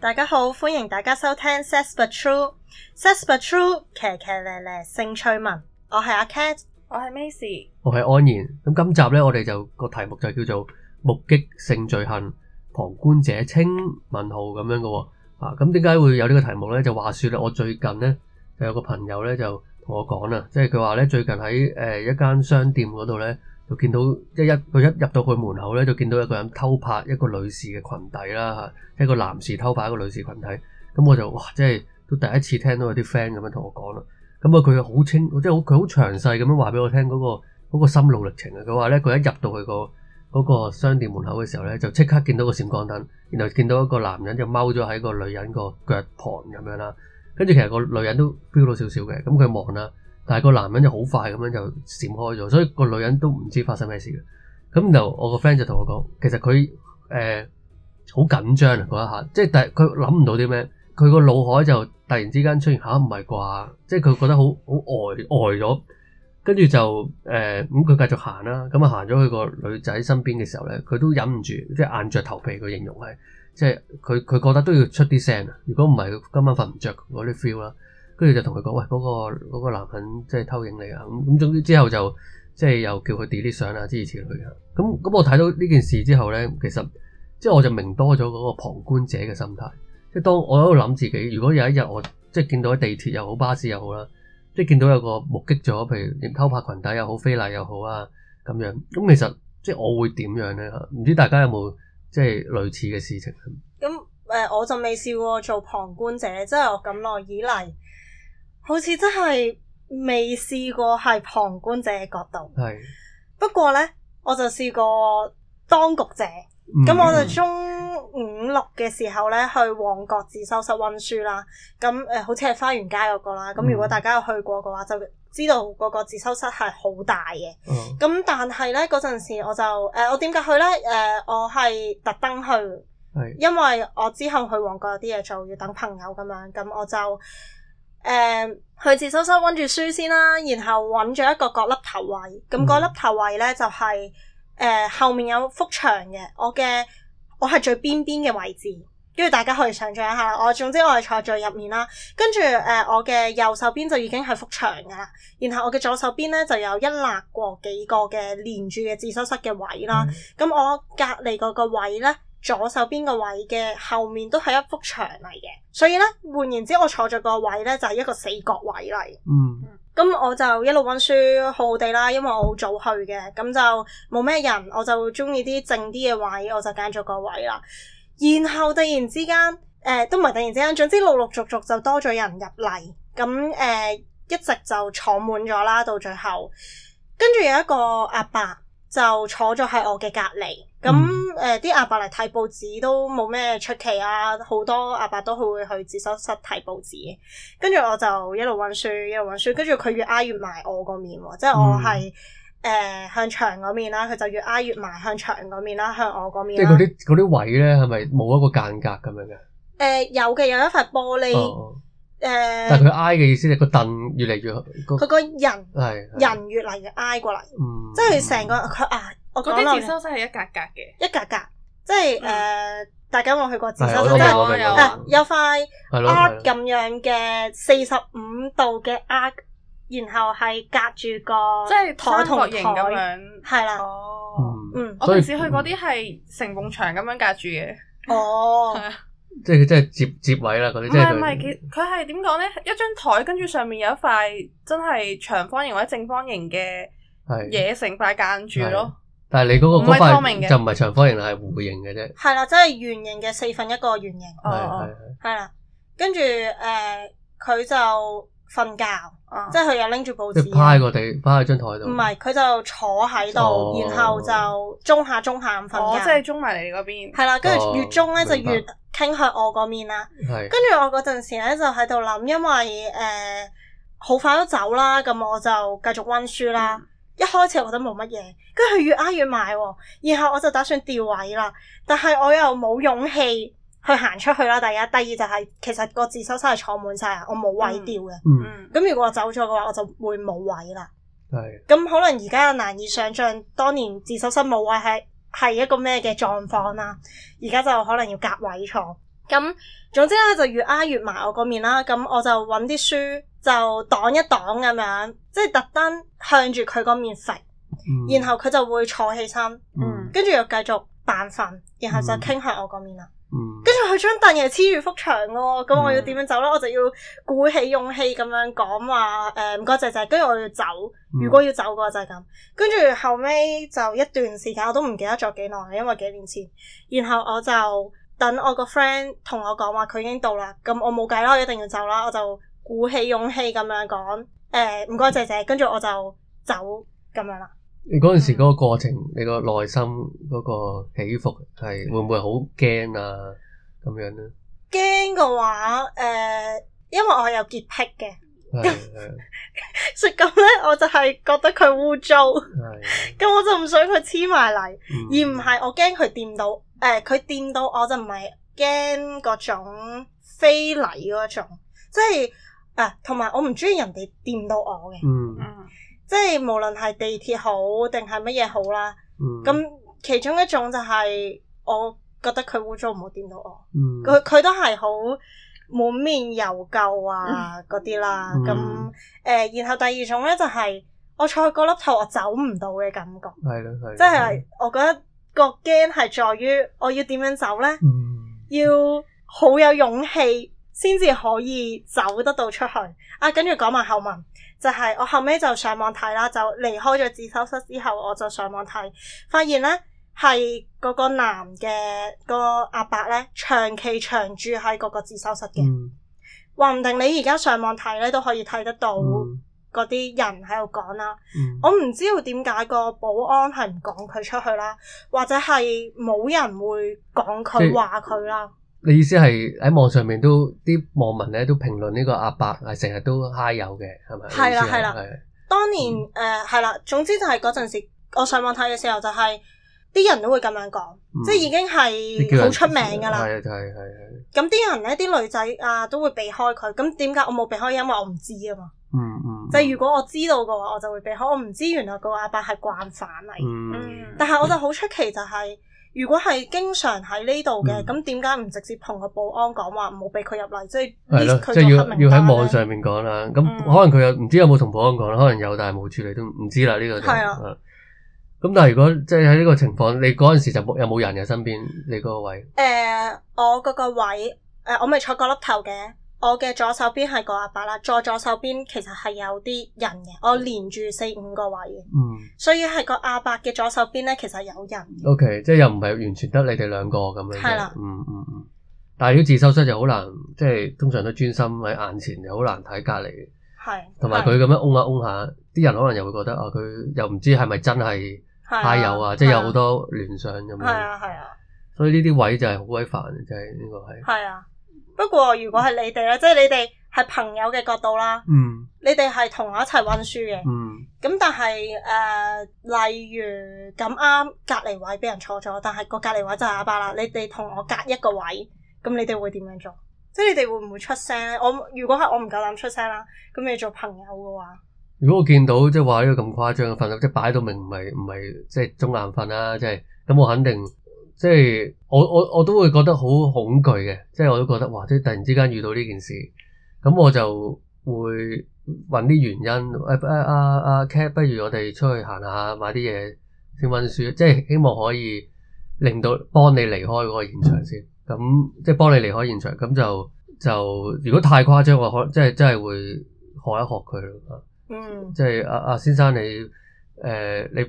.大家好，歡迎大家收聽《Sasper True》，《Sasper True》，騎騎咧咧，性趣聞。我係阿 Cat，我係 Macy，我係安然。咁今集咧，我哋就個題目就叫做目擊性罪行，旁觀者清問號咁樣嘅、哦。啊，咁點解會有呢個題目咧？就話說啦，我最近咧有個朋友咧就同我講啦，即係佢話咧最近喺誒、呃、一間商店嗰度咧。就見到一一佢一入到佢門口咧，就見到一個人偷拍一個女士嘅裙底啦，一個男士偷拍一個女士裙底。咁我就哇，即係都第一次聽到有啲 friend 咁樣同我講啦。咁啊，佢好清，即係佢好詳細咁樣話俾我聽嗰個嗰個心路歷程啊。佢話咧，佢一入到去個嗰個商店門口嘅時候咧，就即刻見到個閃光燈，然後見到一個男人就踎咗喺個女人個腳旁咁樣啦。跟住其實個女人都 feel 到少少嘅，咁佢望啦。但係個男人就好快咁樣就閃開咗，所以個女人都唔知發生咩事嘅。咁就我個 friend 就同我講，其實佢誒好緊張啊嗰一下，即係佢佢諗唔到啲咩，佢個腦海就突然之間出現吓唔係啩？即係佢覺得好好呆呆咗，跟住就誒咁佢繼續行啦、啊。咁啊行咗去個女仔身邊嘅時候咧，佢都忍唔住，即係硬着頭皮。佢形容係即係佢佢覺得都要出啲聲。如果唔係佢今晚瞓唔着嗰啲 feel 啦。跟住就同佢講喂，嗰、那個、那個男人即係偷影你啊！咁咁，總之之後就即係、就是、又叫佢 delete 相啦，諸如此類嘅咁咁。我睇到呢件事之後咧，其實即係我就明多咗嗰個旁觀者嘅心態。即係當我喺度諗自己，如果有一日我即係見到喺地鐵又好、巴士又好啦，即係見到有個目擊咗，譬如偷拍裙底又好、非禮又好啊，咁樣咁，其實即係我會點樣咧？唔知大家有冇即係類似嘅事情咧？咁誒、呃，我就未試過做旁觀者，即、就、係、是、我咁耐以嚟，好似真係未試過係旁觀者嘅角度。係是。不過呢，我就試過當局者。咁、嗯、我就中五六嘅時候呢，去旺角自修室溫書啦。咁誒、呃，好似係花園街嗰個啦。咁、嗯、如果大家有去過嘅話，就知道嗰個自修室係好大嘅。咁、嗯、但係呢，嗰陣時我就誒、呃，我點解去呢？誒、呃，我係特登去，是因為我之後去旺角有啲嘢做，要等朋友咁樣。咁我就。誒，uh, 去自修室搵住書先啦，然後搵咗一個角落頭位，咁角、嗯、落頭位呢，就係、是、誒、呃、後面有幅牆嘅，我嘅我係最邊邊嘅位置，跟住大家可以想象一下，我總之我係坐最入面啦，跟住誒我嘅右手邊就已經係幅牆噶啦，然後我嘅左手邊呢，就有一列過幾個嘅連住嘅自修室嘅位啦，咁、嗯、我隔籬嗰個位呢，左手邊個位嘅後面都係一幅牆嚟嘅，所以呢，換言之，我坐在個位呢，就係一個死角位嚟。嗯，咁我就一路溫書好好地啦，因為我好早去嘅，咁就冇咩人，我就中意啲靜啲嘅位，我就揀咗個位啦。然後突然之間，誒、呃，都唔係突然之間，總之陸陸續續就多咗人入嚟，咁誒、呃、一直就坐滿咗啦，到最後，跟住有一個阿伯。就坐咗喺我嘅隔籬，咁誒啲阿伯嚟睇報紙都冇咩出奇啊！好多阿伯都佢會去自修室睇報紙，跟住我就一路温書一路温書，跟住佢越挨越埋我個面喎，即係我係誒、呃、向牆嗰面啦，佢就越挨越埋向牆嗰面啦，向我嗰面啦。即係嗰啲啲位咧，係咪冇一個間隔咁樣嘅？誒、呃、有嘅，有一塊玻璃。哦誒，但係佢挨嘅意思係個凳越嚟越，佢個人人越嚟越挨過嚟，即係成個佢啊。我覺得自修室係一格格嘅，一格格，即係誒，大家有冇去過自修室？有有有，有塊 R 咁樣嘅四十五度嘅 R，然後係隔住個即係台同台，係啦。哦，嗯，我平時去嗰啲係成埲牆咁樣隔住嘅。哦。即係佢真係接接位啦嗰啲，唔係唔係佢佢係點講咧？一張台跟住上面有一塊真係長方形或者正方形嘅嘢成塊間住咯。但係你嗰個唔係方形嘅，就唔係長方形，係弧形嘅啫。係啦，即係圓形嘅四分一個圓形。哦，係係的。係啦的，跟住誒，佢、呃、就。瞓覺，啊、即係佢又拎住報紙，趴喺個地，趴喺張台度。唔係，佢就坐喺度，然後就中下中下午瞓覺。即係中埋你嗰邊。係啦，跟住越中咧就越傾向我個面啦。係。跟住我嗰陣時咧就喺度諗，因為誒好快都走啦，咁我就繼續溫書啦。一開始我覺得冇乜嘢，跟住佢越挨越埋，然後我就打算掉位啦，但係我又冇勇氣。佢行出去啦，第一，第二就係、是，其實個自修室係坐滿晒啊，我冇位調嘅。咁，嗯嗯、如果我走咗嘅話，我就會冇位啦。係咁，嗯，可能而家又難以想象當年自修室冇位係係一個咩嘅狀況啦。而家就可能要隔位坐。咁，嗯，總之咧，就越挨越埋我個面啦。咁我就揾啲書就擋一擋咁樣，即係特登向住佢個面搣，嗯，然後佢就會坐起身，跟住，嗯，又繼續扮瞓，然後就傾向我個面啦。嗯嗯跟住佢張凳嘅黐住幅牆咯、哦，咁我要點樣走咧？我就要鼓起勇氣咁樣講話，誒唔該，謝謝。跟住我要走，如果要走嘅話，就係咁。跟住後尾就一段時間，我都唔記得咗幾耐，因為幾年前。然後我就等我個 friend 同我講話，佢已經到啦。咁我冇計啦，我一定要走啦。我就鼓起勇氣咁樣講，誒唔該，謝謝。跟住我就走咁樣啦。你嗰陣時嗰個過程，嗯、你個內心嗰個起伏係會唔會好驚啊？咁樣呢？驚嘅話，誒、呃，因為我有潔癖嘅，所以咁咧，我就係覺得佢污糟，咁是的 我就唔想佢黐埋嚟，嗯、而唔係我驚佢掂到。誒、呃，佢掂到我就唔係驚嗰種非禮嗰種，即係誒，同、啊、埋我唔中意人哋掂到我嘅。嗯即係無論係地鐵好定係乜嘢好啦，咁、嗯、其中一種就係我覺得佢污糟，唔好掂到我，佢佢、嗯、都係好滿面油垢啊嗰啲啦，咁誒然後第二種呢，就係我坐喺嗰粒頭我走唔到嘅感覺，係咯係，即係我覺得個驚係在於我要點樣走呢？嗯、要好有勇氣。先至可以走得到出去啊！跟住講埋後文，就係、係、我後尾就上網睇啦。就離開咗自修室之後，我就上網睇，發現呢係嗰個男嘅、嗰個阿伯呢，長期長住喺嗰個自修室嘅。話唔、嗯、定你而家上網睇呢，都可以睇得到嗰啲人喺度講啦。嗯、我唔知道點解個保安係唔講佢出去啦，或者係冇人會講佢話佢啦。其實你意思係喺網上面都啲網民咧都評論呢個阿伯係成日都嗨友嘅，係咪？係啦係啦，的的當年誒係啦，總之就係嗰陣時我上網睇嘅時候就係、係、啲人都會咁樣講，嗯、即係已經係好出名噶啦。係係係係。咁、嗯、啲人咧，啲女仔啊都會避開佢。咁點解我冇避開？因為我唔知啊嘛。嗯嗯。嗯就如果我知道嘅話，我就會避開。我唔知原來個阿伯係慣犯嚟、嗯。但係我就好出奇，就係，就係。如果係經常喺呢度嘅，咁點解唔直接同個保安講話唔好俾佢入嚟？嗯、即係佢即係要喺網上面講啦。咁可能佢有唔、嗯、知有冇同保安講啦，可能有但係冇處理都唔知啦。呢、呢個就係啊。咁、嗯、但係如果即係喺呢個情況，你嗰陣時就冇有冇人嘅身邊？你嗰個位？誒、呃，我嗰個位誒、呃，我咪坐過粒頭嘅。我嘅左手邊係個阿伯啦，在左，左手邊其實係有啲人嘅，我連住四五個位，嗯、所以係個阿伯嘅左手邊咧，其實有人。OK，即係又唔係完全得你哋兩個咁樣嘅，嗯嗯嗯。但係如果自修室就好難，即係通常都專心喺眼前又好難睇隔籬，係同埋佢咁樣嗡下嗡下，啲人可能又會覺得啊，佢又唔知係咪真係太有啊，的即係有好多聯想咁。係啊係啊。所以呢啲位就係好鬼煩，就係呢個係。係啊。的不過如果係你哋咧，即係你哋係朋友嘅角度啦，嗯、你哋係同我一齊溫書嘅，咁、嗯、但係誒、呃，例如咁啱隔籬位俾人坐咗，但係個隔籬位就係阿伯啦，你哋同我隔一個位，咁你哋會點樣做？即係你哋會唔會出聲咧？我如果係我唔夠膽出聲啦，咁你做朋友嘅話，如果我見到即係話呢個咁誇張嘅瞓，即係擺到明唔係唔係即係中眼瞓啦，即係咁我肯定。即係我我我都會覺得好恐懼嘅，即係我都覺得哇！即係突然之間遇到呢件事，咁我就會搵啲原因誒誒阿阿 Cat，不如我哋出去行下買啲嘢先温書，即係希望可以令到幫你離開嗰個現場先，咁即係幫你離開現場，咁就就如果太誇張，我可即係真係會學一學佢咯。嗯，即係阿阿先生你。誒、呃，你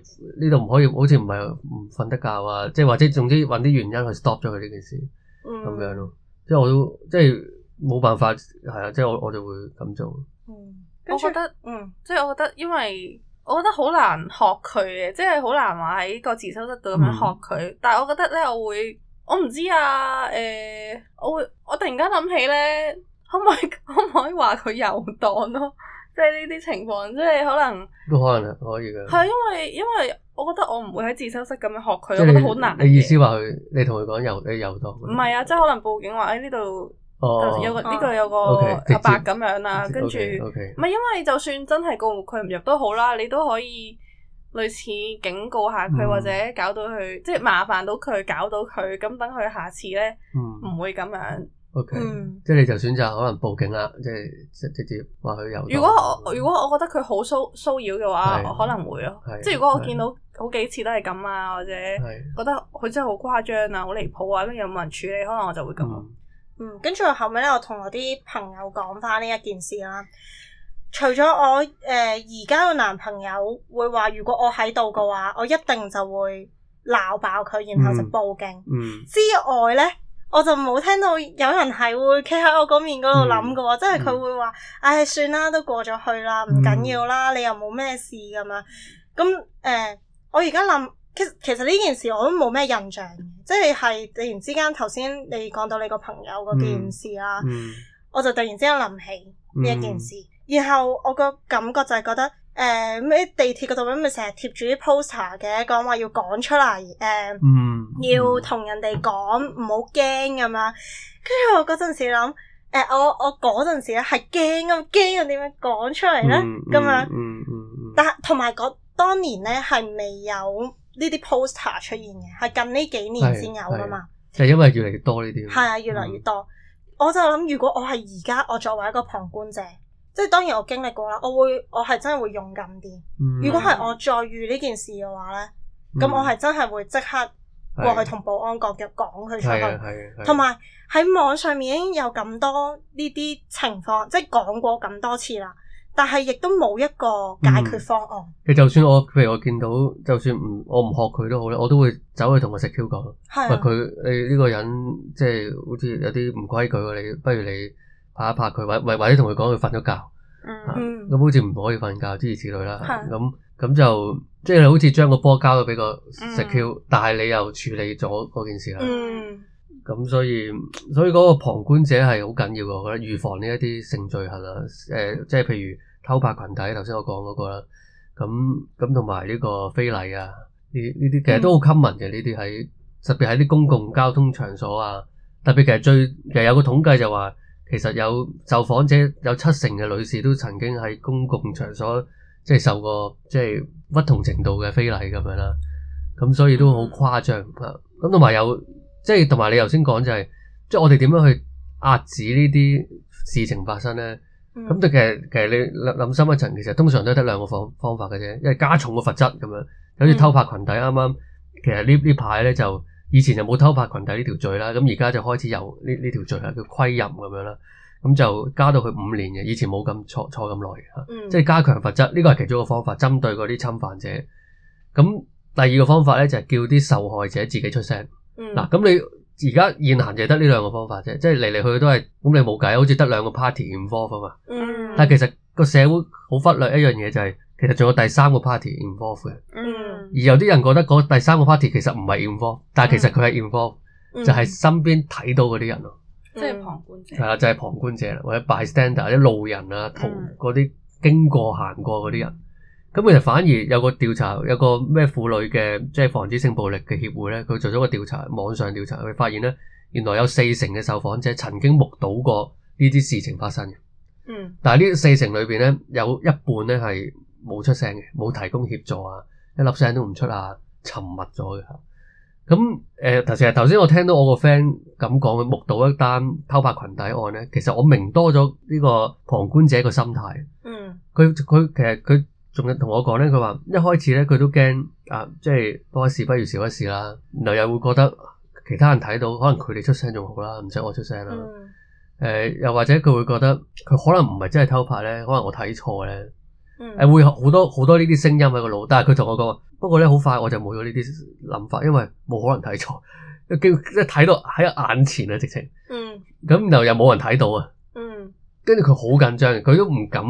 呢度唔可以，好似唔係唔瞓得覺啊，即係或者總之揾啲原因去 stop 咗佢呢件事，咁、嗯、樣咯。即係我都，即係冇辦法，係啊，即係我我就會咁做。嗯，我覺得，嗯，即係我覺得，因為我覺得好難學佢嘅，即係好難話喺個自修室度咁樣學佢。嗯、但係我覺得咧，我會，我唔知啊，誒、呃，我會，我突然間諗起咧，可、oh、唔可以、啊，可唔可以話佢遊蕩咯？即係呢啲情況，即係可能都可能可以嘅。係因為因為我覺得我唔會喺自修室咁樣學佢，我覺得好難。你意思話佢，你同佢講又你由得。唔係啊，即係可能報警話，誒呢度有個呢個有個阿伯咁樣啦，跟住唔係因為就算真係告佢唔入都好啦，你都可以類似警告下佢，或者搞到佢，即係麻煩到佢，搞到佢，咁等佢下次咧，唔會咁樣。OK，、嗯、即係你就選擇可能報警啦，即係直接話佢有。如果我如果我覺得佢好騷騷擾嘅話，是可能會咯。是即係如果我見到好幾次都係咁啊，是或者覺得佢真係好誇張啊、好離譜啊，跟住又冇人處理，可能我就會咁。嗯，嗯我跟住後尾，咧，我同我啲朋友講翻呢一件事啦。除咗我誒而家個男朋友會話，如果我喺度嘅話，我一定就會鬧爆佢，然後就報警、嗯、之外咧。我就冇聽到有人係會企喺我嗰面嗰度諗㗎喎，嗯、即係佢會話，唉、哎，算啦，都過咗去了啦，唔緊要啦，你又冇咩事咁樣。咁誒、呃，我而家諗，其實其實呢件事我都冇咩印象，即係係突然之間頭先你講到你個朋友嗰件事啦，嗯嗯、我就突然之間諗起呢、嗯、一件事，然後我個感覺就係覺得。誒，咩地鐵嗰度咧咪成日貼住啲 poster 嘅，講話要講出嚟，誒、嗯，要同人哋講唔好驚，係嘛？跟住我嗰陣時諗，誒，我我嗰陣時咧係驚啊，驚又點樣講出嚟咧？咁樣、嗯，嗯嗯嗯嗯、但係同埋嗰當年咧係未有呢啲 poster 出現嘅，係近呢幾年先有噶嘛？就因為越嚟越多呢啲，係啊，越嚟越多。嗯、我就諗，如果我係而家，我作為一個旁觀者。即係當然我經歷過啦，我會我係真係會勇敢啲。如果係我再遇呢件事嘅話呢，咁我係真係會即刻過去同保安局嘅講佢出去。同埋喺網上面已經有咁多呢啲情況，即係講過咁多次啦，但係亦都冇一個解決方案。你就算我譬如我見到，就算唔我唔學佢都好咧，我都會走去同個 security 講，話佢你呢個人即係好似有啲唔規矩，你不如你。拍一拍佢，或或或者同佢講佢瞓咗覺，咁好似唔可以瞓覺，諸如此類啦。咁咁、嗯、就即係、就是、好似將個波交咗俾個 secure，但係你又處理咗嗰件事啦。咁、嗯、所以所以嗰個旁觀者係好緊要嘅，我覺得預防呢一啲性罪行誒、呃，即係譬如偷拍群體，頭先我講嗰、那個啦。咁咁同埋呢個非禮啊，呢呢啲其實都好 common 嘅呢啲喺，特別喺啲公共交通場所啊，特別其實最其實有個統計就話。其實有受訪者有七成嘅女士都曾經喺公共場所即係、即係、受過即係不同程度嘅非禮咁樣啦，咁所以都好誇張啊！咁同埋有即係同埋你頭先講就係即係我哋點樣去遏止呢啲事情發生咧？咁但、嗯、其實其實你諗諗深一層，其實通常都得兩個方方法嘅啫，因為加重個罰則咁樣，好似偷拍群體啱啱，其實呢呢排咧就。以前就冇偷拍裙底呢條罪啦，咁而家就開始有呢呢條罪啦，叫窺淫咁樣啦，咁就加到佢五年嘅，以前冇咁坐坐咁耐嚇，嗯、即係加強罰則，呢個係其中一個方法，針對嗰啲侵犯者。咁第二個方法咧就係、是、叫啲受害者自己出聲。嗱、嗯，咁、啊、你而家現行就係得呢兩個方法啫，即係嚟嚟去去都係，咁你冇計，好似得兩個 party involved 嘛。但係其實個社會好忽略一樣嘢就係、是。其實仲有第三個 party involve 嘅，而有啲人覺得嗰第三個 party 其實唔係 involve，但係其實佢係 involve，就係身邊睇到嗰啲人咯，即係旁觀者係啦，就係旁觀者或者 bystander 啲路人啊，同嗰啲經過行過嗰啲人。咁其實反而有個調查，有個咩婦女嘅即係防止性暴力嘅協會咧，佢做咗個調查，網上調查，佢發現咧原來有四成嘅受訪者曾經目睹過呢啲事情發生嘅。嗯，但係呢四成裏邊咧有一半咧係。冇出聲嘅，冇提供協助啊，一粒聲都唔出啊，沉默咗嘅。咁誒，頭先我聽到我個 friend 咁講，目睹一單偷拍群體案咧，其實我明多咗呢個旁觀者個心態。嗯。佢佢其實佢仲有同我講咧，佢話一開始咧佢都驚啊，即係多一事不如少一事啦。然後又會覺得其他人睇到，可能佢哋出聲仲好啦，唔使我出聲啦。誒、嗯呃，又或者佢會覺得佢可能唔係真係偷拍咧，可能我睇錯咧。誒，會好多好多呢啲聲音喺個腦，但係佢同我講。不過咧，好快我就冇咗呢啲諗法，因為冇可能睇錯，即係睇到喺眼前啊，直情，嗯，咁然後又又冇人睇到啊，嗯，跟住佢好緊張，佢都唔敢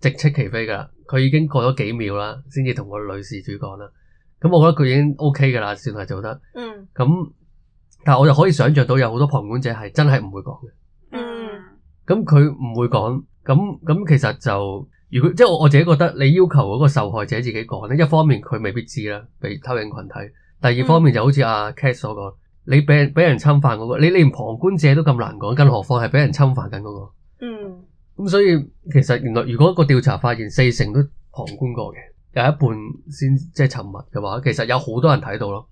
直斥其非噶，佢已經過咗幾秒啦，先至同個女事主講啦，咁我覺得佢已經 O K 噶啦，算係做得，嗯，咁，但係我就可以想象到有好多旁觀者係真係唔會講嘅，嗯，咁佢唔會講，咁咁其實就。如果即係我我自己覺得，你要求嗰個受害者自己講咧，一方面佢未必知啦，被偷影群體；第二方面就好似阿 c a s 所講，嗯，你俾人俾人侵犯嗰，那個，你你連旁觀者都咁難講，更何況係俾人侵犯緊，那、嗰個。嗯。咁所以其實原來如果一個調查發現四成都旁觀過嘅，有一半先即係沉默嘅話，其實有好多人睇到咯。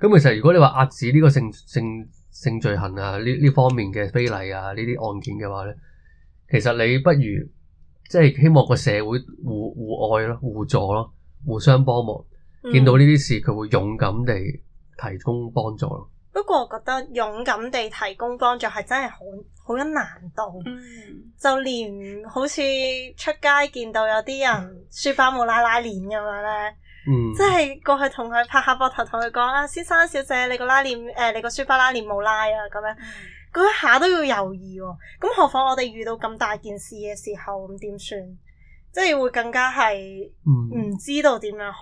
咁其實如果你話遏止呢個性性性罪行啊，呢呢方面嘅非禮啊呢啲案件嘅話咧，其實你不如。即係希望個社會互互愛咯，互助咯，互相幫忙。嗯、見到呢啲事，佢會勇敢地提供幫助。不過我覺得勇敢地提供幫助係真係好好有難度。嗯、就連好似出街見到有啲人書包冇拉拉鏈咁樣咧，嗯、即係過去同佢拍下膊頭，同佢講啊，先生小姐，你個拉鏈誒、呃，你個書包拉鏈冇拉，拉啊，咁樣。嗰一下都要猶豫喎、哦，咁何況我哋遇到咁大件事嘅時候，咁點算？即係會更加係唔知道點樣開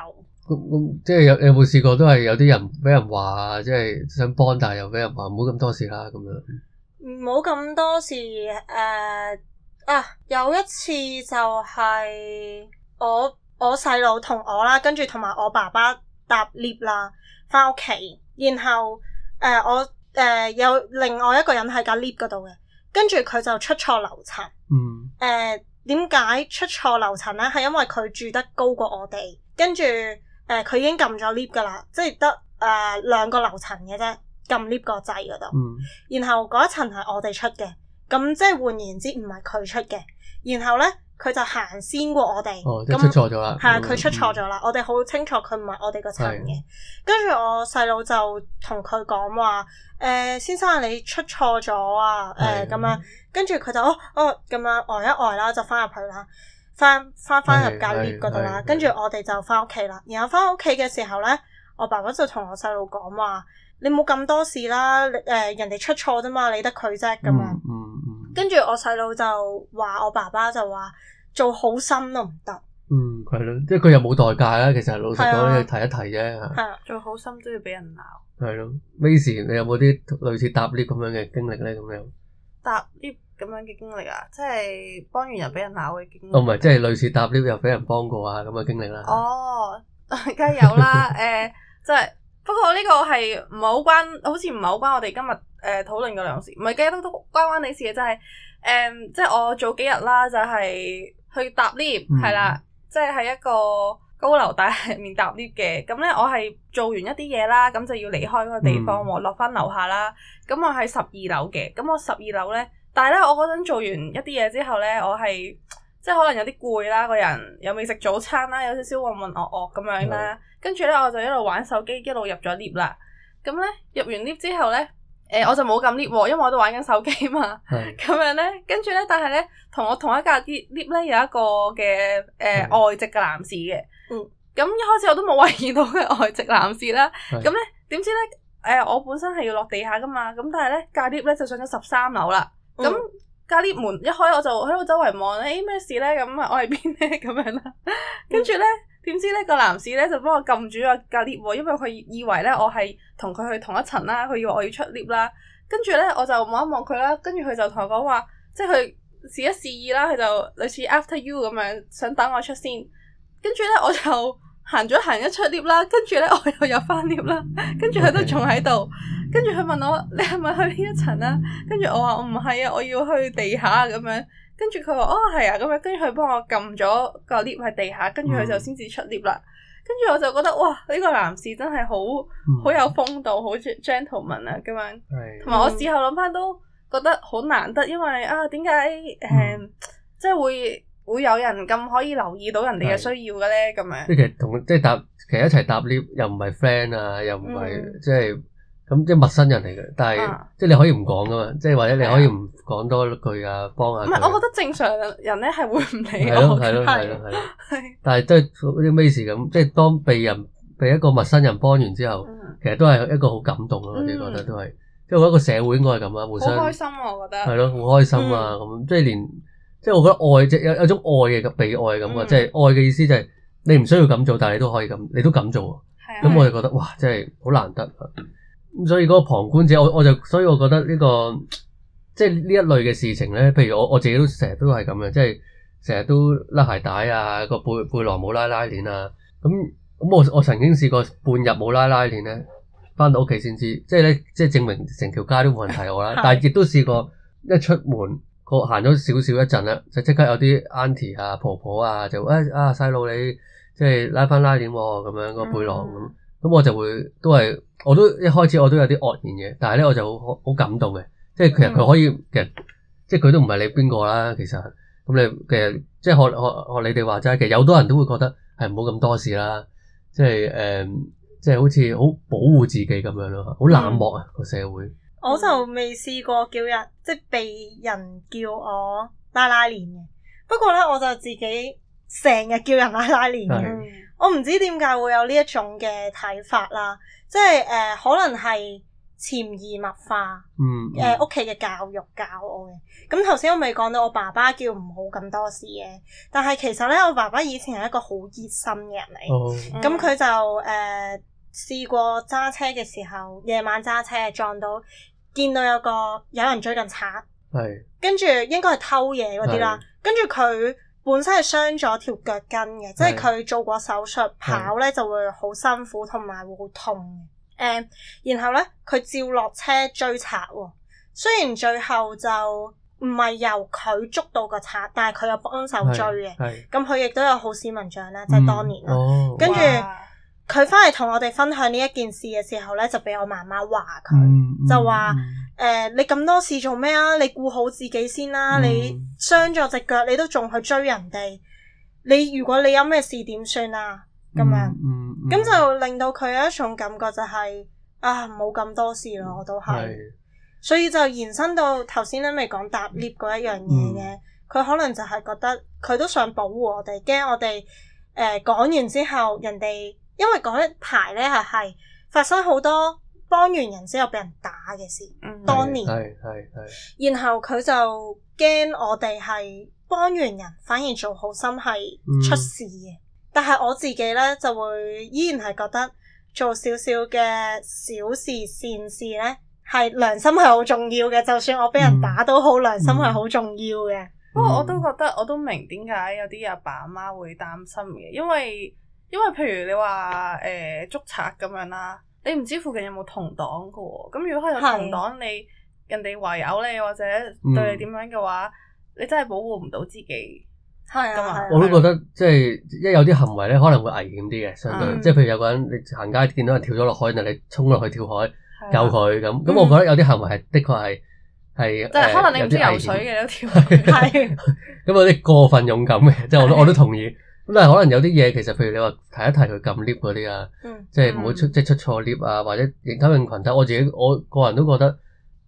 口。咁咁、嗯嗯，即係有有冇試過？都係有啲人俾人話，即係想幫，但係又俾人話唔好咁多事啦。咁樣唔好咁多事。誒、呃、啊！有一次就係我我細佬同我啦，跟住同埋我爸爸搭 lift 啦，返屋企。然後誒、呃、我。誒，uh, 有另外一個人喺個 lift 嗰度嘅，跟住佢就出錯樓層。嗯。誒，uh，點解出錯樓層咧？係因為佢住得高過我哋，跟住誒，佢、呃、已經撳咗 lift 噶啦，即係得誒兩個樓層嘅啫，撳 lift 個掣嗰度。嗯。然後嗰一層係我哋出嘅，咁即係換言之唔係佢出嘅。然後咧。佢就行先過我哋，咁咗係啊，佢出錯咗啦、嗯嗯，我哋好清楚佢唔係我哋個鎮嘅。的弟弟跟住我細佬就同佢講話：，誒、呃，先生，你出錯咗啊？誒、呃，咁的樣，跟住佢就哦哦咁樣，呆一呆啦，就翻入去啦，翻翻翻入隔 l 嗰度啦。跟住我哋就翻屋企啦。然後翻屋企嘅時候咧，我爸爸就同我細佬講話：，你冇咁多事啦，誒、呃，人哋出錯啫嘛，理得佢啫，咁樣。的 跟住我細佬就話，我爸爸就話做好心都唔得。嗯，係咯，即係佢又冇代價啦。其實老實講，就提的一提啫。係做好心都要俾人鬧。係咯，Macy 你有冇啲類似搭 lift 咁樣嘅經歷咧？咁樣搭 lift 咁樣嘅經歷啊，即係幫完又俾人鬧嘅經歷。哦，唔係，即係類似搭 lift 又俾人幫過啊咁嘅經歷啦。哦，梗係有啦，誒、 呃，即、就、係、是。不過呢個係唔係好關，好似唔係好關我哋今日誒討論嘅兩事，唔係記得都關關你事嘅，就係、是、誒、嗯，即係我早幾日啦，就係、是、去搭 lift 係、嗯、啦，即係喺一個高樓大廈入面搭 lift 嘅，咁咧我係做完一啲嘢啦，咁就要離開嗰個地方喎，落翻樓下啦，咁我喺十二樓嘅，咁我十二樓咧，但係咧我嗰陣做完一啲嘢之後咧，我係。即係可能有啲攰啦，個人又未食早餐啦，有少少渾渾噩噩咁樣啦。嗯、跟住咧，我就一路玩手機，一路入咗 lift 啦。咁咧入完 lift 之後咧，誒、呃、我就冇撳 lift，因為我都玩緊手機嘛。咁、嗯、樣咧，跟住咧，但係咧，同我同一架 liftlift 咧有一個嘅誒、呃、外籍嘅男士嘅。嗯。咁、嗯、一開始我都冇懷疑到佢外籍男士啦。咁咧、嗯，點知咧？誒、呃，我本身係要落地下噶嘛。咁但係咧，架 lift 咧就上咗十三樓啦。咁。隔 lift 門一開，我就喺度周圍望咧，欸咩事咧？咁啊，我喺邊咧？咁樣啦，跟住咧，點知咧個男士咧就幫我撳住個隔 lift 喎，因為佢以為咧我係同佢去同一層啦，佢以為我要出 lift 啦。跟住咧，我就望一望佢啦，跟住佢就同我講話，即係佢試一試二啦，佢就類似 after you 咁樣，想等我出先。跟住咧，我就行咗行一出 lift 啦，跟住咧我又入翻 lift 啦，跟住佢都仲喺度。Okay. 跟住佢問我，你係咪去呢一層啊？跟住我話我唔係啊，我要去地下咁、啊、樣。跟住佢話哦，係啊咁樣。跟住佢幫我撳咗個 lift 喺地下，跟住佢就先至出 lift 啦。跟住我就覺得哇，呢、這個男士真係好好有風度，好 gentleman、嗯嗯、啊咁樣。同埋我事後諗翻都覺得好難得，因為啊，點解誒，嗯嗯、即係會會有人咁可以留意到人哋嘅需要嘅咧？咁係樣。即同即係搭，其實一齊搭 lift 又唔係 friend 啊，又唔係即係。咁即係陌生人嚟嘅，但係即係你可以唔講噶嘛，即係或者你可以唔講多句啊，幫下。唔係，我覺得正常人咧，係會唔理我嘅。係咯係咯係咯，但係即係嗰啲咩事咁，即係當被人被一個陌生人幫完之後，其實都係一個好感動咯。我哋覺得都係，即係我覺得個社會應該係咁啊。互相。好開心，我覺得。係咯，好開心啊！咁即係連即係我覺得愛，即係有有種愛嘅被愛嘅感覺，即係愛嘅意思就係你唔需要咁做，但係你都可以咁，你都咁做。係。咁我就覺得哇，真係好難得咁所以嗰個旁觀者，我我就所以我覺得呢、呢個即係呢一類嘅事情咧。譬如我我自己都成日都係咁嘅，即係成日都甩鞋帶啊，個背背囊冇拉拉鍊啊。咁咁我我曾經試過半日冇拉拉鍊咧，翻到屋企先知，即係咧即係證明成條街都冇人睇我啦。 但係亦都試過一出門，我行咗少少一陣啦，就即刻有啲 aunty 啊、婆婆啊，就誒、哎、啊細路你即係拉翻拉，拉鍊喎、啊，咁樣個背囊咁。嗯咁我就會都係，我都一開始我都有啲愕然嘅，但係咧我就好好感動嘅，即係其實佢可以，嗯、其實即係佢都唔係你邊個啦。其實咁你其實即係學學學你哋話齋，其實有多人都會覺得係唔好咁多事啦，即係誒、呃，即係好似好保護自己咁樣咯，好冷漠啊個、嗯、社會。我就未試過叫人，即、就、係、是、被人叫我拉拉鏈嘅。不過咧，我就自己，成日叫人拉拉鏈嘅，是我唔知點解會有呢一種嘅睇法啦。即係誒、呃，可能係潛移默化，誒屋企嘅教育教我嘅。咁頭先我咪講到我爸爸叫唔好咁多事嘅，但係其實咧，我爸爸以前係一個好熱心嘅人嚟。咁佢、哦嗯、就誒、呃、試過揸車嘅時候，夜晚揸車撞到，見到有個有人追緊賊，係是跟住應該係偷嘢嗰啲啦。是跟住佢。本身係傷咗條腳筋嘅，是即係佢做過手術，是跑咧就會好辛苦同埋是會好痛嘅。誒、嗯，然後咧佢照落車追賊喎。雖然最後就唔係由佢捉到個賊，但係佢有幫手追嘅。咁佢亦都有好市民獎啦，嗯、即係當年啦。哦、跟住佢翻嚟同我哋分享呢一件事嘅時候咧，就俾我媽媽話佢，就話、嗯。嗯嗯誒、呃，你咁多事做咩啊？你顧好自己先啦、啊！嗯、你傷咗隻腳，你都仲去追人哋？你如果你有咩事點算啊？咁樣，咁、嗯嗯嗯、就令到佢有一種感覺就係、是、啊，冇咁多事咯，我都係。的所以就延伸到頭先咧，咪講搭 lift 嗰一樣嘢嘅，佢、嗯、可能就係覺得佢都想保護我哋，驚我哋誒、呃、講完之後，人哋因為嗰一排咧係發生好多。幫完人之後俾人打嘅事，嗯、當年，係係係，然後佢就驚我哋係幫完人，反而做好心係出事嘅。嗯、但係我自己咧就會依然係覺得做少少嘅小事善事咧，係良心係好重要嘅。就算我俾人打都好，嗯、良心係好重要嘅。不過、嗯、我都覺得我都明點解有啲阿爸阿媽會擔心嘅，因為因為譬如你話誒、呃、捉賊咁樣啦。你唔知附近有冇同黨嘅喎，咁如果佢有同黨，你人哋圍毆你或者對你點樣嘅話，你真係保護唔到自己。係啊，我都覺得即係一有啲行為咧，可能會危險啲嘅，相對即係譬如有個人你行街見到人跳咗落海，你衝落去跳海救佢咁。咁我覺得有啲行為係的確係係，即係可能你唔知游水嘅都跳係，咁有啲過分勇敢嘅，即係我都我都同意。咁但係可能有啲嘢，其實譬如你話提一提佢撳 lift 嗰啲啊，嗯、即係唔好出即係、就是、出錯 lift 啊，或者認偷用群體。我自己我個人都覺得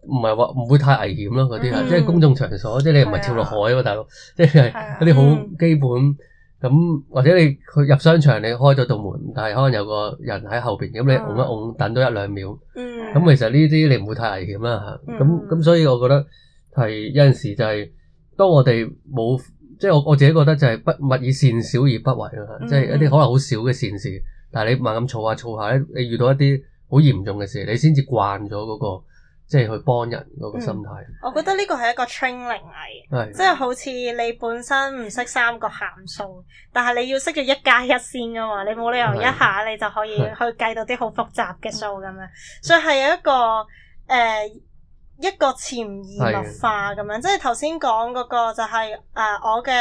唔係話唔會太危險咯，嗰啲啊，嗯、即係公眾場所，嗯、即係你唔係跳落海喎，大佬、嗯，啊、即係嗰啲好基本。咁或者你去入商場，你開咗道門，但係可能有個人喺後邊，咁你㧬一㧬等多一兩秒。咁、嗯嗯、其實呢啲你唔會太危險啦咁咁所以，我覺得係有陣時就係、是、當我哋冇。即係我我自己覺得就係不勿以善小而不為啊，即係一啲可能好少嘅善事，嗯、但係你慢咁嘈下嘈下咧，你遇到一啲好嚴重嘅事，你先至慣咗嗰個即係去幫人嗰個心態、嗯。我覺得呢個係一個 training 嚟的，即係好似你本身唔識三個函數，但係你要識咗一加一先噶嘛，你冇理由一下你就可以去計到啲好複雜嘅數咁樣，嗯、所以係有一個誒。呃一個潛移默化咁樣，的即係頭先講嗰個就係、是、誒、呃，我嘅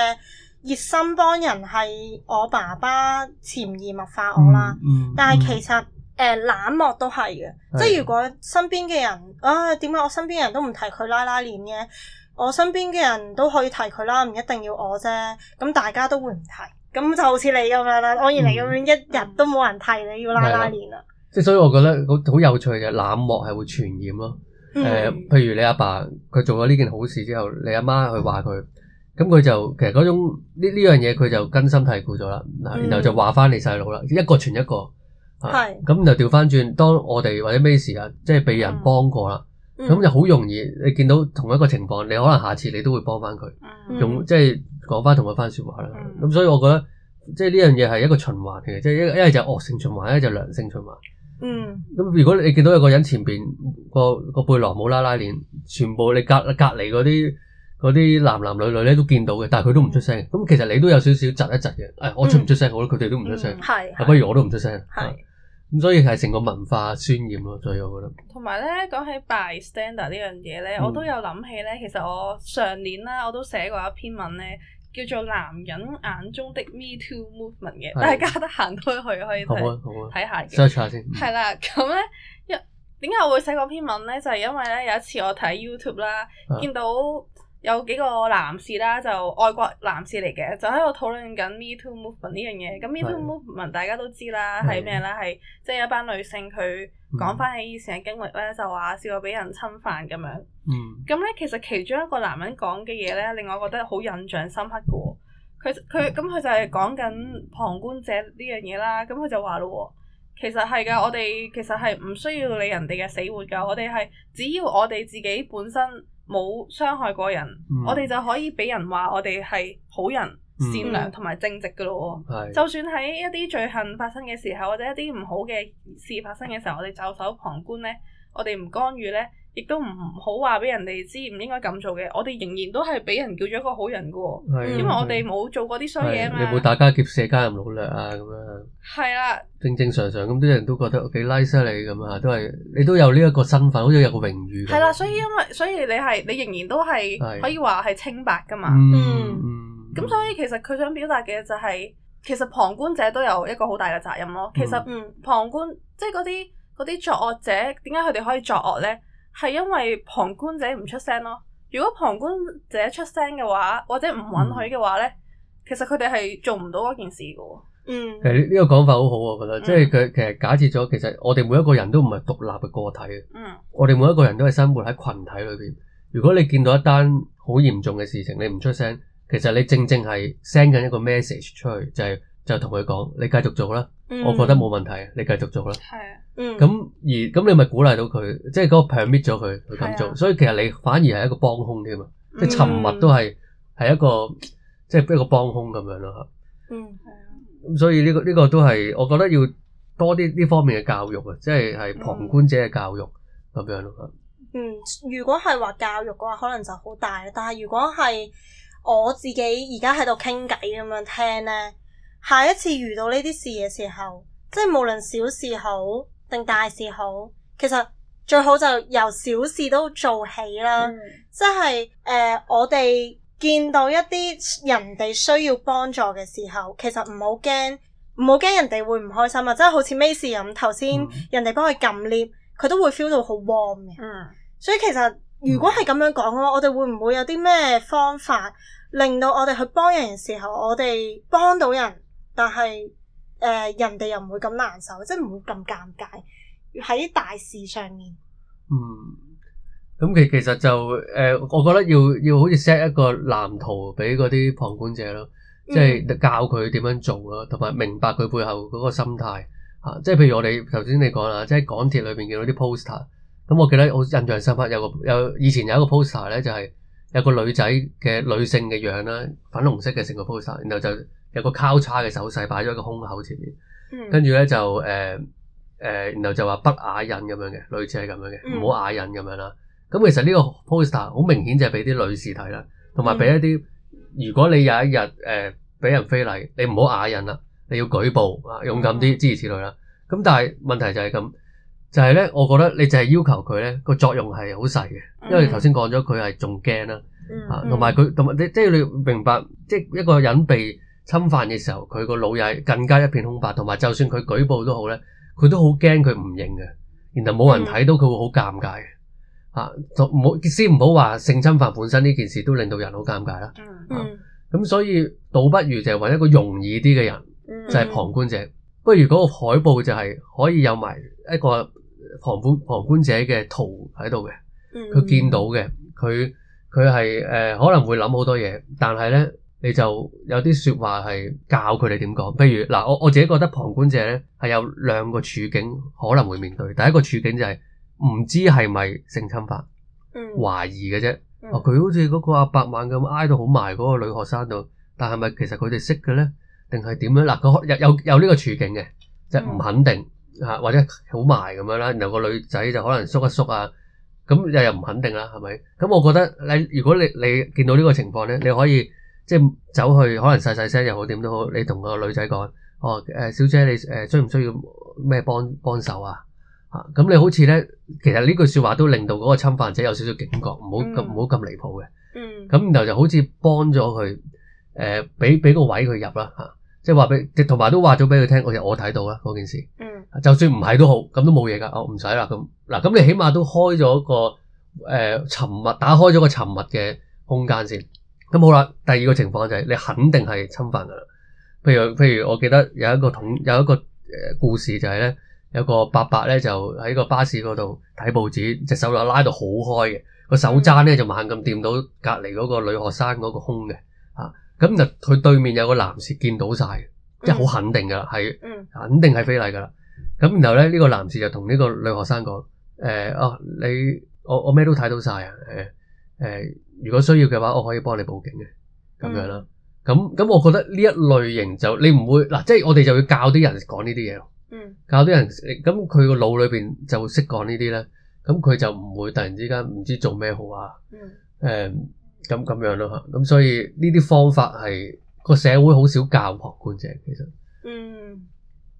熱心幫人係我爸爸潛移默化我啦。嗯嗯、但係其實誒、嗯啊、冷漠都係嘅，的即係如果身邊嘅人啊，點解我身邊嘅人都唔提佢拉拉鏈嘅？我身邊嘅人都可以提佢啦，唔一定要我啫。咁大家都會唔提，咁就好似你咁樣啦。我而你咁樣一日都冇人提你要拉拉鏈啦。即係所以我覺得好好有趣嘅冷漠係會傳染咯。誒，譬如你阿爸佢做咗呢件好事之後，你阿媽去話佢，咁佢就其實嗰種呢呢樣嘢佢就根深蒂固咗啦，然後就話翻你細佬啦，一個傳一個，係，咁就調翻轉，當我哋或者咩事呀，即係被人幫過啦，咁就好容易你見到同一個情況，你可能下次你都會幫翻佢，用即係講翻同一番説話啦。咁所以我覺得即係呢樣嘢係一個循環嘅，即係一一係就惡性循環，一就良性循環。嗯，咁如果你見到有個人前邊、嗯、個個背囊冇拉拉鏈，全部你隔隔離嗰啲啲男男女女咧都見到嘅，但係佢都唔出聲。咁、嗯、其實你都有少少窒一窒嘅。誒、哎，我出唔出聲好咧？佢哋、嗯、都唔出聲，嗯、不如我都唔出聲。係是，咁是所以係成個文化宣染咯，所以我覺得。同埋咧，講起 bystander 呢樣嘢咧，我都有諗起咧。其實我上年咧，我都寫過一篇文咧。叫做男人眼中的 Me Too Movement 嘅，的大家都行開去可以睇下嘅。好啊，先係啦，咁咧一，點、嗯、解我會寫嗰篇文咧？就係、是、因為咧有一次我睇 YouTube 啦，的見到。有幾個男士啦，就外國男士嚟嘅，就喺度討論緊 Me Too Movement 呢樣嘢。咁 Me Too Movement 大家都知啦，係咩咧？係即係一班女性佢講翻起以前嘅經歷咧， 就話試過俾人侵犯咁樣。咁咧， 其實其中一個男人講嘅嘢咧，令我覺得好印象深刻㗎。佢佢咁佢就係講緊旁觀者呢樣嘢啦。咁佢就話咯。其實係噶，我哋其實係唔需要理人哋嘅死活噶，我哋係只要我哋自己本身冇傷害過人，嗯、我哋就可以俾人話我哋係好人、嗯、善良同埋正直噶咯。是就算喺一啲罪行發生嘅時候，或者一啲唔好嘅事發生嘅時候，我哋袖手旁觀呢，我哋唔干預呢。亦都唔好話俾人哋知唔應該咁做嘅，我哋仍然都係俾人叫咗一個好人嘅。的因為我哋冇做過啲衰嘢啊嘛。你有冇打家劫舍、殺人擄掠啊？咁樣係啦，的正正常常咁，啲人都覺得幾 nice 你咁啊，都係你都有呢一個身份，好似有個榮譽咁。係啦，所以因為所以你係你仍然都係的可以話係清白噶嘛。嗯，咁、嗯嗯、所以其實佢想表達嘅就係、是，其實旁觀者都有一個好大嘅責任咯。其實嗯，旁觀即係嗰啲嗰啲作惡者，點解佢哋可以作惡咧？係因為旁觀者唔出聲咯，如果旁觀者出聲嘅話，或者唔允許嘅話咧，嗯、其實佢哋係做唔到嗰件事嘅。嗯，其實呢個講法好好啊，我覺得，嗯、即係佢其實假設咗，其實我哋每一個人都唔係獨立嘅個體，嗯，我哋每一個人都係生活喺群體裏邊。如果你見到一單好嚴重嘅事情，你唔出聲，其實你正正係 send 緊一個 message 出去，就係、是、就同佢講，你繼續做啦，我覺得冇問題、嗯嗯，你繼續做啦。係。咁、嗯、而咁，你咪鼓勵到佢，即係嗰個 permit 咗佢佢咁做，啊、所以其實你反而係一個幫兇添啊，即係沉默都係係一個即係一個幫兇咁樣咯。嗯，係啊。咁所以呢、這個呢、這個都係，我覺得要多啲呢方面嘅教育啊，即係係旁觀者嘅教育咁樣咯。嗯，如果係話教育嘅話，可能就好大。但係如果係我自己而家喺度傾偈咁樣聽咧，下一次遇到呢啲事嘅時候，即係無論小事好。定大事好，其實最好就由小事都做起啦。Mm hmm. 即係誒、呃，我哋見到一啲人哋需要幫助嘅時候，其實唔好驚，唔好驚人哋會唔開心啊！即係好似咩事咁，頭先、mm hmm. 人哋幫佢撳 lift，佢都會 feel 到好 warm 嘅。嗯、mm，hmm. 所以其實如果係咁樣講嘅話，我哋會唔會有啲咩方法令到我哋去幫人嘅時候，我哋幫到人，但係，誒，人哋又唔會咁難受，即係唔會咁尷尬喺大事上面。嗯，咁其其實就誒，我覺得要要好似 set 一個藍圖俾嗰啲旁觀者咯，即係教佢點樣做咯，同埋明白佢背後嗰個心態吓。即係譬如我哋頭先你講啦，即係港鐵裏邊見到啲 poster，咁我記得我印象深刻有個有以前有一個 poster 咧，就係有個女仔嘅女性嘅樣啦，粉紅色嘅成個 poster，然後就。有個交叉嘅手勢擺咗喺個胸口前面，嗯、跟住咧就誒誒、呃呃，然後就話不雅引咁樣嘅，類似係咁樣嘅，唔好雅引咁樣啦。咁其實呢個 poster 好明顯就係俾啲女士睇啦，同埋俾一啲如果你有一日誒俾人非禮，你唔好雅引啦，你要舉報啊，勇敢啲，諸如此類啦。咁但係問題就係咁，就係、是、咧，我覺得你就係要求佢咧個作用係好細嘅，因為你頭先講咗佢係仲驚啦，嗯、啊，同埋佢同埋你即係你明白，即係一個隱蔽。侵犯嘅時候，佢個腦又更加一片空白，同埋就算佢舉報好都好咧，佢都好驚佢唔認嘅，然後冇人睇到佢會好尷尬嘅，嗯、啊，冇先唔好話性侵犯本身呢件事都令到人好尷尬啦。咁、啊嗯、所以倒不如就搵一個容易啲嘅人，就係、是、旁觀者。嗯、不如嗰個海報就係可以有埋一個旁觀旁觀者嘅圖喺度嘅，佢見到嘅，佢佢係誒可能會諗好多嘢，但係咧。你就有啲説話係教佢哋點講，譬如嗱，我我自己覺得旁觀者咧係有兩個處境可能會面對。第一個處境就係唔知係咪性侵犯，嗯、懷疑嘅啫。佢、嗯哦、好似嗰個阿伯猛咁挨到好埋嗰個女學生度，但係咪其實佢哋識嘅咧？定係點樣嗱？佢有有有呢個處境嘅，就唔肯定啊，嗯、或者好埋咁樣啦。然後個女仔就可能縮一縮啊，咁又又唔肯定啦，係咪？咁我覺得你如果你你見到呢個情況咧，你可以。即係走去，可能細細聲又好點都好，你同個女仔講：哦誒，小姐你誒需唔需要咩幫幫手啊？嚇、啊、咁你好似咧，其實呢句説話都令到嗰個侵犯者有少少警覺，唔好咁唔好咁離譜嘅。嗯。咁、嗯、然後就好似幫咗佢誒，俾、呃、俾個位佢入啦嚇、啊，即係話俾同埋都話咗俾佢聽，我我睇到啦嗰件事。嗯。就算唔係都好，咁都冇嘢噶，哦唔使啦咁嗱，咁你、啊啊、起碼都開咗個誒沉默，打開咗個沉默嘅空間先。咁好啦，第二個情況就係你肯定係侵犯噶啦。譬如譬如，我記得有一個統有一個誒故事就係咧，有個伯伯咧就喺個巴士嗰度睇報紙，隻手攞拉到好開嘅，個手踭咧就猛咁掂到隔離嗰個女學生嗰個胸嘅，嚇咁就佢對面有個男士見到晒，即係好肯定噶啦，係、嗯、肯定係非禮噶啦。咁然後咧呢、呢個男士就同呢個女學生講：誒哦，你我我咩都睇到晒啊，誒。誒，如果需要嘅話，我可以幫你報警嘅，咁樣啦。咁咁、嗯，我覺得呢一類型就你唔會嗱、啊，即係我哋就要教啲人講呢啲嘢，嗯，教啲人，咁佢個腦裏邊就會識講呢啲咧。咁佢就唔會突然之間唔知做咩好啊。嗯，誒、嗯，咁咁樣咯吓。咁所以呢啲方法係個社會好少教旁觀者其實。嗯，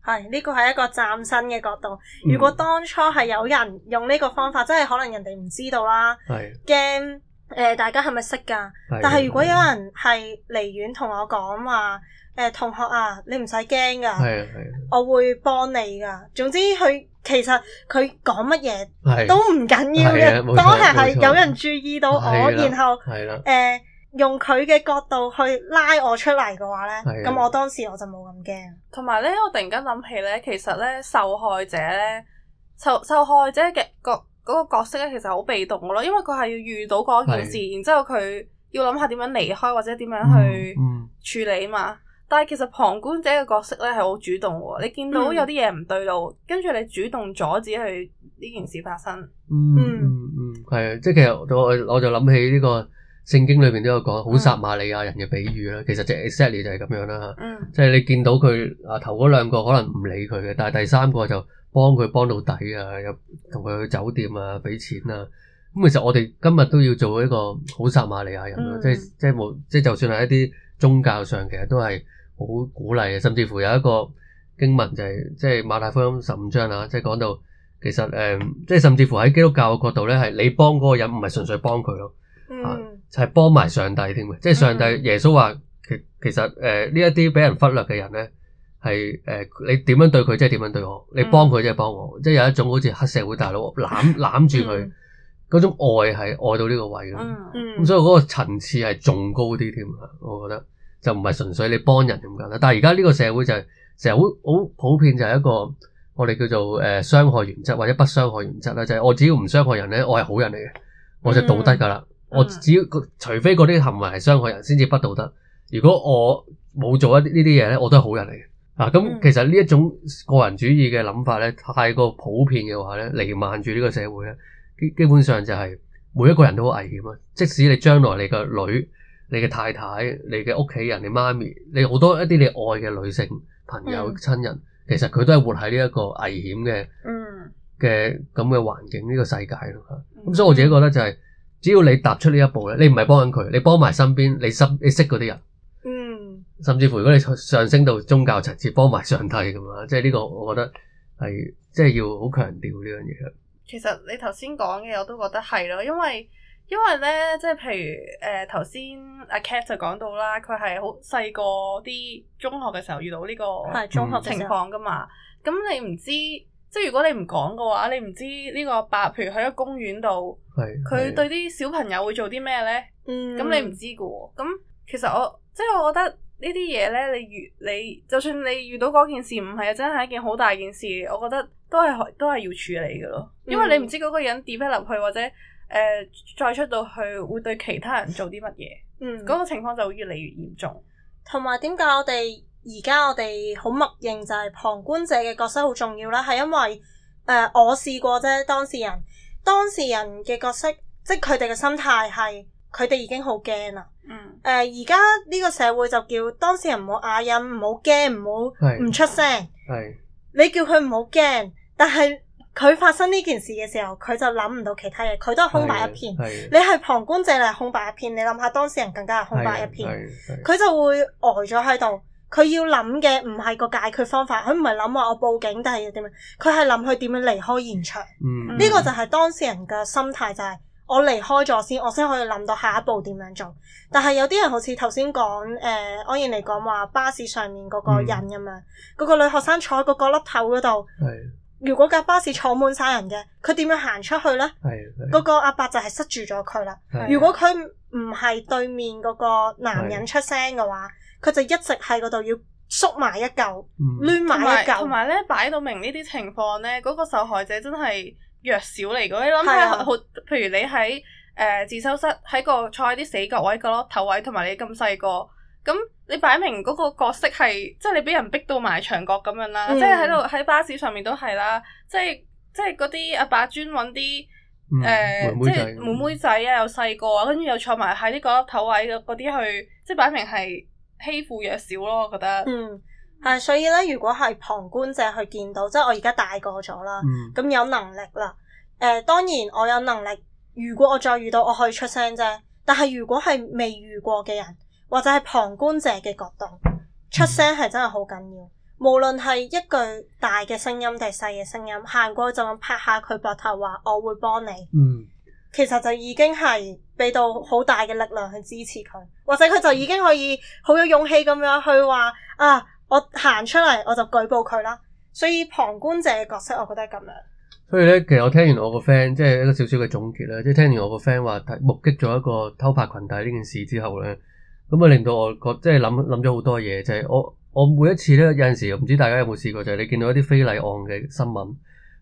係呢個係一個嶄新嘅角度。如果當初係有人用呢個方法，真係、嗯、可能人哋唔知道啦。係驚。誒、呃，大家係咪識噶？的但係如果有人係離遠同我講話，誒、呃，同學啊，你唔使驚噶，的我會幫你噶。總之佢其實佢講乜嘢都唔緊要嘅，當係係有人注意到我，錯然後誒的、呃、用佢嘅角度去拉我出嚟嘅話咧，咁的我當時我就冇咁驚。同埋咧，我突然間諗起咧，其實咧受害者咧受受害者嘅個。嗰個角色咧，其實好被動㗎咯，因為佢係要遇到嗰件事，是然之後佢要諗下點樣離開或者點樣去處理啊嘛。嗯嗯、但係其實旁觀者嘅角色咧係好主動，你見到有啲嘢唔對路，跟住、嗯、你主動阻止佢呢件事發生。嗯嗯，係啊、嗯，即係、嗯、其實我，我就諗起呢個聖經裏邊都有講好撒瑪利亞人嘅比喻啦。嗯、其實即 exactly 就係咁樣啦，即係、嗯、你見到佢啊頭嗰兩個可能唔理佢嘅，但係第三個就。幫佢幫到底啊！又同佢去酒店啊，俾錢啊！咁其實我哋今日都要做一個好撒瑪利亞人咯、嗯，即係即係冇即係就算係一啲宗教上，其實都係好鼓勵嘅。甚至乎有一個經文就係、是、即係馬太福音十五章啊，即係講到其實誒、嗯，即係甚至乎喺基督教嘅角度咧，係你幫嗰個人唔係純粹幫佢咯，就係幫埋上帝添嘅。即係上帝耶穌話，其其實誒呢一啲俾人忽略嘅人咧，係誒、呃，你點樣對佢，即係點樣對我？你幫佢，即係幫我，嗯、即係有一種好似黑社會大佬攬攬住佢嗰種愛，係愛到呢個位嘅。咁、嗯嗯嗯、所以嗰個層次係仲高啲添。我覺得就唔係純粹你幫人咁簡單。但係而家呢個社會就係成日好好普遍，就係一個我哋叫做誒、呃、傷害原則或者不傷害原則啦。就係、是、我只要唔傷害人咧，我係好人嚟嘅，我就道德㗎啦。嗯嗯、我只要除非嗰啲行為係傷害人先至不道德。如果我冇做一呢啲嘢咧，我都係好人嚟嘅。啊，咁、嗯、其實呢一種個人主義嘅諗法咧，太過普遍嘅話咧，彌漫住呢個社會咧，基基本上就係每一個人都好危險啊！即使你將來你嘅女、你嘅太太、你嘅屋企人、你媽咪，你好多一啲你愛嘅女性朋友、親、嗯、人，其實佢都係活喺呢一個危險嘅嘅咁嘅環境呢、呢個世界咯。咁、啊嗯嗯、所以我自己覺得就係、是，只要你踏出呢一步咧，你唔係幫緊佢，你幫埋身邊你識你識嗰啲人。甚至乎如果你上升到宗教層次，幫埋上帝咁啊，即係呢個，我覺得係即係要好強調呢樣嘢。其實你頭先講嘅，我都覺得係咯，因為因為咧，即係譬如誒頭先阿 Cat 就講到啦，佢係好細個啲中學嘅時候遇到呢個、嗯、中學情況噶嘛。咁、嗯嗯、你唔知，即係如果你唔講嘅話，你唔知呢個白，譬如喺個公園度，佢是對啲小朋友會做啲咩咧？咁你唔知噶。咁、嗯嗯、其實我即係我覺得。呢啲嘢呢，你如你就算你遇到嗰件事唔係啊，真係一件好大件事，我覺得都係都係要處理嘅咯。嗯、因為你唔知嗰個人跌翻入去，或者誒、呃、再出到去，會對其他人做啲乜嘢？嗯，嗰個情況就會越嚟越嚴重。同埋點解我哋而家我哋好默認就係旁觀者嘅角色好重要啦，係因為誒、呃，我試過啫，當事人當事人嘅角色，即係佢哋嘅心態係。佢哋已經好驚啦。嗯。誒，而家呢個社會就叫當事人唔好啞忍，唔好驚，唔好唔出聲。係是。你叫佢唔好驚，但係佢發生呢件事嘅時候，佢就諗唔到其他嘢，佢都係空白一片。你係旁觀者嚟，空白一片。你諗下，當事人更加係空白一片。佢就會呆咗喺度，佢要諗嘅唔係個解決方法，佢唔係諗話我報警，但係要點樣？佢係諗佢點樣離開現場。呢個就係當事人嘅心態，就係、是。我離開咗先，我先可以諗到下一步點樣做。但係有啲人好似頭先講，誒、呃、安然嚟講話巴士上面嗰個人咁樣，嗰、嗯、個女學生坐喺個角落頭嗰度。的如果架巴士坐滿晒人嘅，佢點樣行出去呢？係的。嗰個阿伯就係塞住咗佢啦。的如果佢唔係對面嗰個男人出聲嘅話，佢的就一直喺嗰度要縮埋一嚿，攣埋、嗯、一嚿。同埋咧，擺到明呢啲情況呢，嗰、那個受害者真係。弱小嚟嘅，你諗下，好，譬如你喺誒、呃、自修室喺個坐喺啲死角位嘅咯，角落頭位同埋你咁細個，咁你擺明嗰個角色係，即係你俾人逼到埋牆角咁樣啦，即係喺度喺巴士上面都係啦，即係即係嗰啲阿爸專揾啲誒，即係、嗯呃、妹妹仔啊，又細個，跟住又坐埋喺啲角落頭位嗰啲去，即係擺明係欺負弱小咯，我覺得、嗯。係、啊，所以咧，如果係旁觀者去見到，即係我而家大個咗啦，咁、嗯、有能力啦。誒、呃，當然我有能力。如果我再遇到，我可以出聲啫。但係如果係未遇過嘅人，或者係旁觀者嘅角度，出聲係真係好緊要。嗯、無論係一句大嘅聲音定細嘅聲音，行過就咁拍下佢膊頭，話我會幫你。嗯、其實就已經係俾到好大嘅力量去支持佢，或者佢就已經可以好有勇氣咁樣去話啊。我行出嚟我就舉報佢啦，所以旁觀者嘅角色我覺得係咁樣。所以咧，其實我聽完我個 friend 即係一個少少嘅總結啦，即、就、係、是、聽完我個 friend 話目擊咗一個偷拍群底，呢件事之後咧，咁啊令到我個即係諗諗咗好多嘢，就係、是、我我每一次咧有陣時唔知大家有冇試過就係、是、你見到一啲非禮案嘅新聞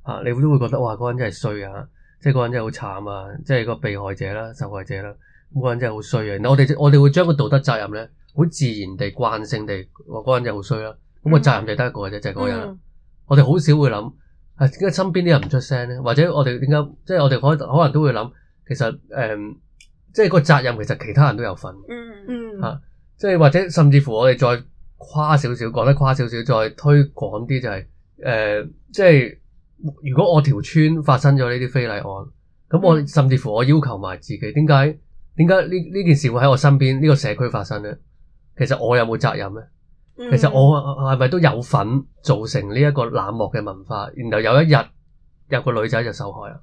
啊，你都會覺得哇嗰個人真係衰啊，即係嗰個人真係好慘啊，即係個被害者啦受害者啦，嗰個人真係好衰啊。我哋我哋會將個道德責任咧。好自然地、慣性地，嗰個人真係好衰啦。咁個責任就得一個嘅啫，就係嗰個人。Mm hmm. 我哋好少會諗係點解身邊啲人唔出聲咧，或者我哋點解即係我哋可可能都會諗，其實誒，即、嗯、係、就是、個責任其實其他人都有份。嗯嗯、mm。嚇、hmm. 啊，即係或者甚至乎我哋再誇少少講得誇少少，再推廣啲就係、是、誒，即、呃、係、就是、如果我條村發生咗呢啲非禮案，咁我甚至乎我要求埋自己點解點解呢呢件事會喺我身邊呢個社區發生咧？其實我有冇責任呢？其實我係咪都有份造成呢一個冷漠嘅文化？然後有一日有個女仔就受害啦，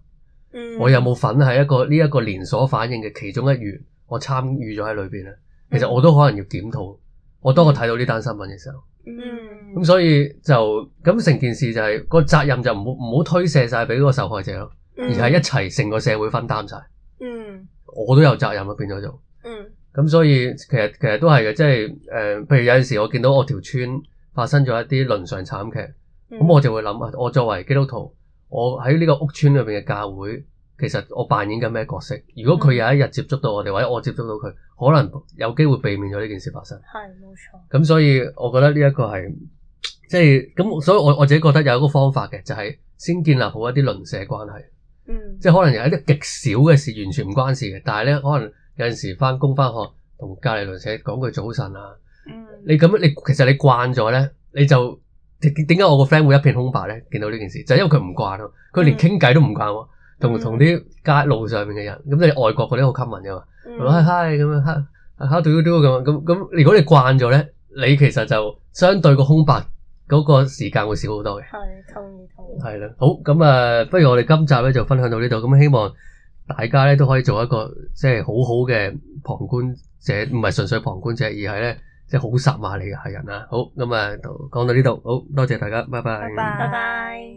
嗯、我有冇份係一個呢一、呢個連鎖反應嘅其中一員？我參與咗喺裏邊咧，其實我都可能要檢討。嗯、我當我睇到呢單新聞嘅時候，咁、嗯、所以就咁成件事就係、係個責任就唔好唔好推卸晒俾個受害者咯，嗯、而係一齊成個社會分擔晒。嗯、我都有責任咯，變咗做。咁、嗯、所以其實其實都係嘅，即係誒，譬、呃、如有陣時我見到我條村發生咗一啲倫常慘劇，咁、嗯、我就會諗啊，我作為基督徒，我喺呢個屋村裏邊嘅教會，其實我扮演緊咩角色？如果佢有一日接觸到我哋，或者我接觸到佢，可能有機會避免咗呢件事發生。係、嗯，冇錯。咁所以我覺得呢一個係即係咁，所以我我自己覺得有一個方法嘅，就係、是、先建立好一啲鄰舍關係。嗯。即係可能有一啲極少嘅事，完全唔關事嘅，但係咧可能。有陣時返工返學，同隔離鄰舍講句早晨啊，你咁你其實你慣咗咧，你就點解我個 friend 會一片空白咧？見到呢件事就係、是、因為佢唔慣咯，佢、嗯、連傾偈都唔慣喎，同同啲街路上面嘅人，咁你外國嗰啲好親民啊嘛，嗨嗨咁樣，how do you do 咁樣，咁咁如果你慣咗咧，你其實就相對個空白嗰個時間會少好多嘅。係、嗯，同意同意。係、嗯、啦、嗯，好咁啊，不如我哋今集咧就分享到呢度，咁希望，大家咧都可以做一個即係好好嘅旁觀者，唔係純粹旁觀者，而係咧即係好撒瑪利亞人啊！好咁啊，就講到呢度，好多謝大家，拜拜。拜拜。拜拜。